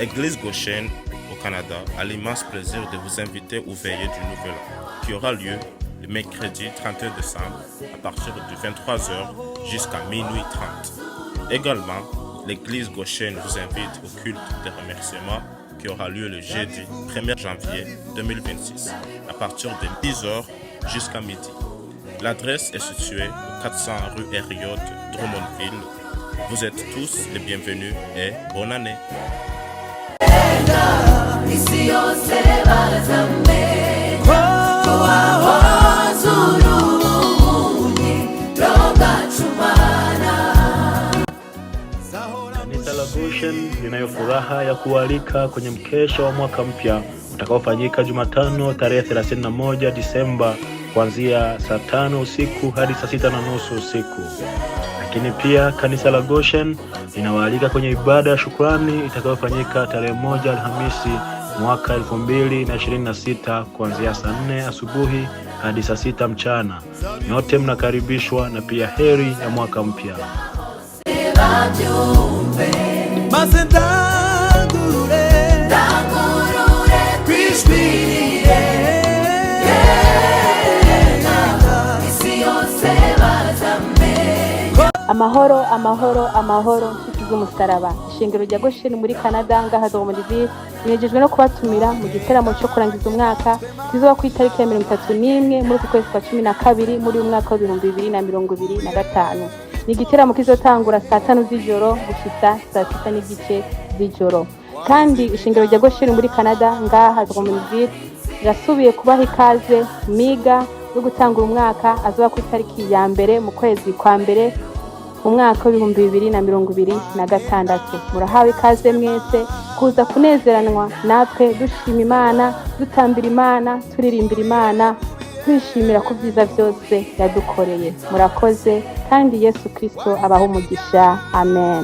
Église Goshen au Canada a l'immense plaisir de vous inviter au Veillée du Nouvel An qui aura lieu le mercredi 31 décembre à partir de 23h jusqu'à minuit 30. Également, l'Église Goshen vous invite au culte des remerciements qui aura lieu le jeudi 1er janvier 2026 à partir de 10h jusqu'à midi. L'adresse est située au 400 rue Herriot, Drummondville. Vous êtes tous les bienvenus et bonne année. kwenda Kanisa la Goshen linayo furaha ya kualika kwenye mkesha wa mwaka mpya utakaofanyika Jumatano tarehe 31 Disemba kuanzia saa tano usiku hadi saa sita na nusu usiku. Lakini pia kanisa la Goshen inawaalika kwenye ibada ya shukrani itakayofanyika tarehe moja Alhamisi mwaka elfu na sita kuanzia saa nne asubuhi hadi saa 6 mchana. Nyote mnakaribishwa na pia heri ya mwaka mpya. Amahoro, amahoro, amahoro z'umusaraba ishingiro rya gosheni muri canada ngaha domoridire binejejwe no kubatumira mu gitaramo cyo kurangiza umwaka kizoba ku itariki ya mirongo itatu n'imwe muri uku kwezi kwa cumi na kabiri muri uyu mwaka w'ibihumbi bibiri na mirongo ibiri na gatanu ni igitaramo kizotangura saa tanu z'ijoro gushitsa saa sita n'igice z'ijoro kandi ishingiro rya gosheni muri canada ngaha domoridire irasubiye kubaha ikaze miga yo gutangura umwaka azoba ku itariki ya mbere mu kwezi kwa mbere Umwaka mwaka w'ibihumbi bibiri na mirongo ibiri na gatandatu murahawe ikaze mwese kuza kunezeranwa natwe dushima imana dutambira imana turirimbira imana twishimira ku byiza byose yadukoreye murakoze kandi yesu kirisito abaha umugisha amen